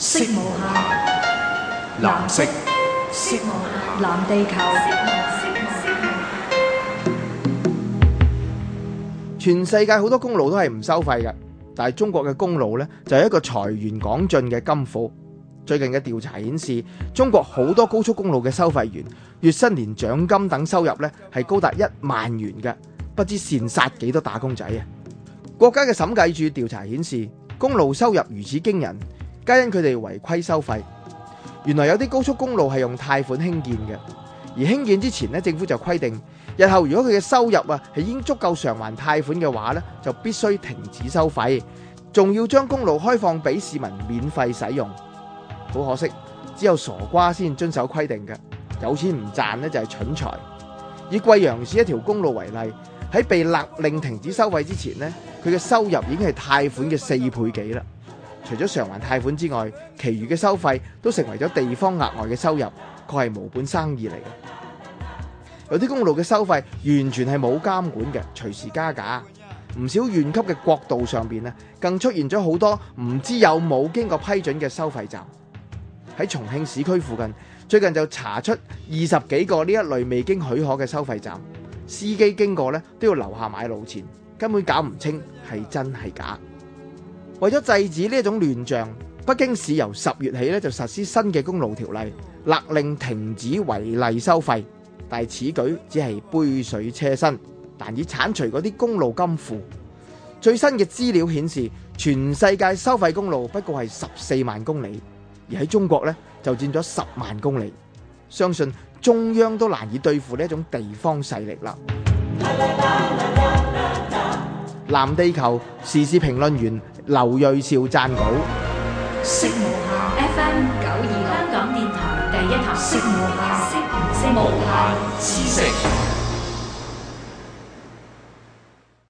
色無下藍色，色無下，藍地球。全世界好多公路都係唔收費嘅，但係中國嘅公路呢，就係一個財源廣進嘅金庫。最近嘅調查顯示，中國好多高速公路嘅收費員月薪年獎金等收入呢係高達一萬元嘅，不知羨煞幾多打工仔啊！國家嘅審計署調查顯示，公路收入如此驚人。皆因佢哋違規收費。原來有啲高速公路係用貸款興建嘅，而興建之前呢，政府就規定日後如果佢嘅收入啊，係已經足夠償還貸款嘅話呢，就必須停止收費，仲要將公路開放俾市民免費使用。好可惜，只有傻瓜先遵守規定嘅。有錢唔賺呢，就係蠢材。以貴陽市一條公路為例，喺被勒令停止收費之前呢，佢嘅收入已經係貸款嘅四倍幾啦。除咗償還貸款之外，其餘嘅收費都成為咗地方額外嘅收入，佢係無本生意嚟嘅。有啲公路嘅收費完全係冇監管嘅，隨時加價。唔少縣級嘅國道上邊呢，更出現咗好多唔知有冇經過批准嘅收費站。喺重慶市區附近，最近就查出二十幾個呢一類未經許可嘅收費站，司機經過呢，都要留下買路錢，根本搞唔清係真係假。為咗制止呢一種亂象，北京市由十月起咧就實施新嘅公路條例，勒令停止違例收費。但係此舉只係杯水車薪，難以鏟除嗰啲公路金庫。最新嘅資料顯示，全世界收費公路不過係十四萬公里，而喺中國咧就佔咗十萬公里。相信中央都難以對付呢一種地方勢力啦。藍地球，時事評論員劉銳紹撰稿。